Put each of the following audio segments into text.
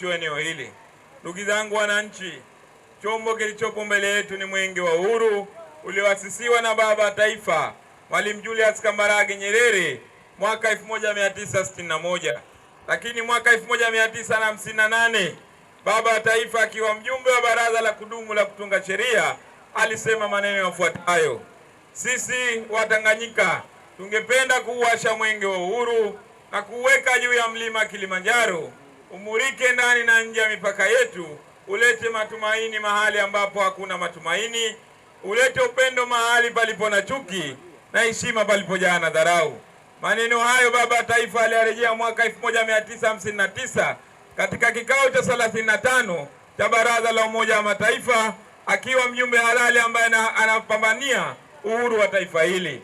juu eneo hili. Ndugu zangu wananchi, chombo kilichopo mbele yetu ni mwenge wa uhuru ulioasisiwa na baba wa taifa Mwalimu Julius Kambarage Nyerere mwaka 1961, lakini mwaka 1958 baba wa taifa akiwa mjumbe wa baraza la kudumu la kutunga sheria alisema maneno yafuatayo: sisi Watanganyika tungependa kuuasha mwenge wa uhuru na kuuweka juu ya mlima Kilimanjaro umurike ndani na nje ya mipaka yetu, ulete matumaini mahali ambapo hakuna matumaini, ulete upendo mahali palipo na chuki na heshima palipojaa na dharau. Maneno hayo baba taifa aliyarejea mwaka 1959 katika kikao cha 35 cha Baraza la Umoja wa Mataifa akiwa mjumbe halali ambaye anapambania uhuru wa taifa hili.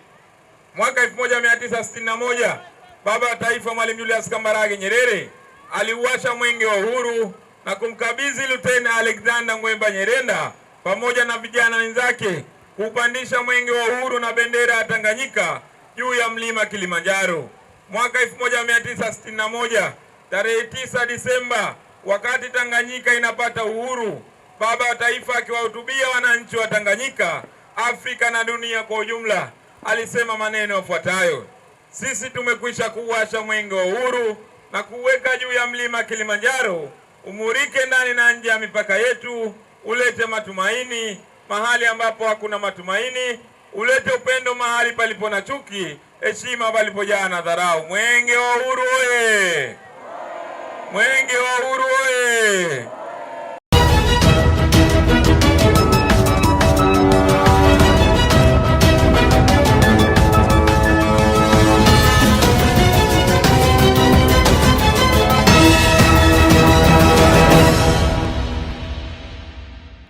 Mwaka 1961 baba wa taifa Mwalimu Julius Kambarage Nyerere aliuasha mwenge wa uhuru na kumkabidhi Luteni Alexander Ngwemba Nyerenda pamoja na vijana wenzake kuupandisha mwenge wa uhuru na bendera ya Tanganyika juu ya mlima Kilimanjaro mwaka 1961 tarehe 9 Disemba, wakati Tanganyika inapata uhuru, baba wa taifa akiwahutubia wananchi wa Tanganyika, Afrika na dunia kwa ujumla, alisema maneno yafuatayo: sisi tumekwisha kuwasha mwenge wa uhuru na kuweka juu ya mlima Kilimanjaro, umurike ndani na nje ya mipaka yetu, ulete matumaini mahali ambapo hakuna matumaini, ulete upendo mahali palipo na chuki, heshima palipojaa na dharau. Mwenge wa Uhuru oye!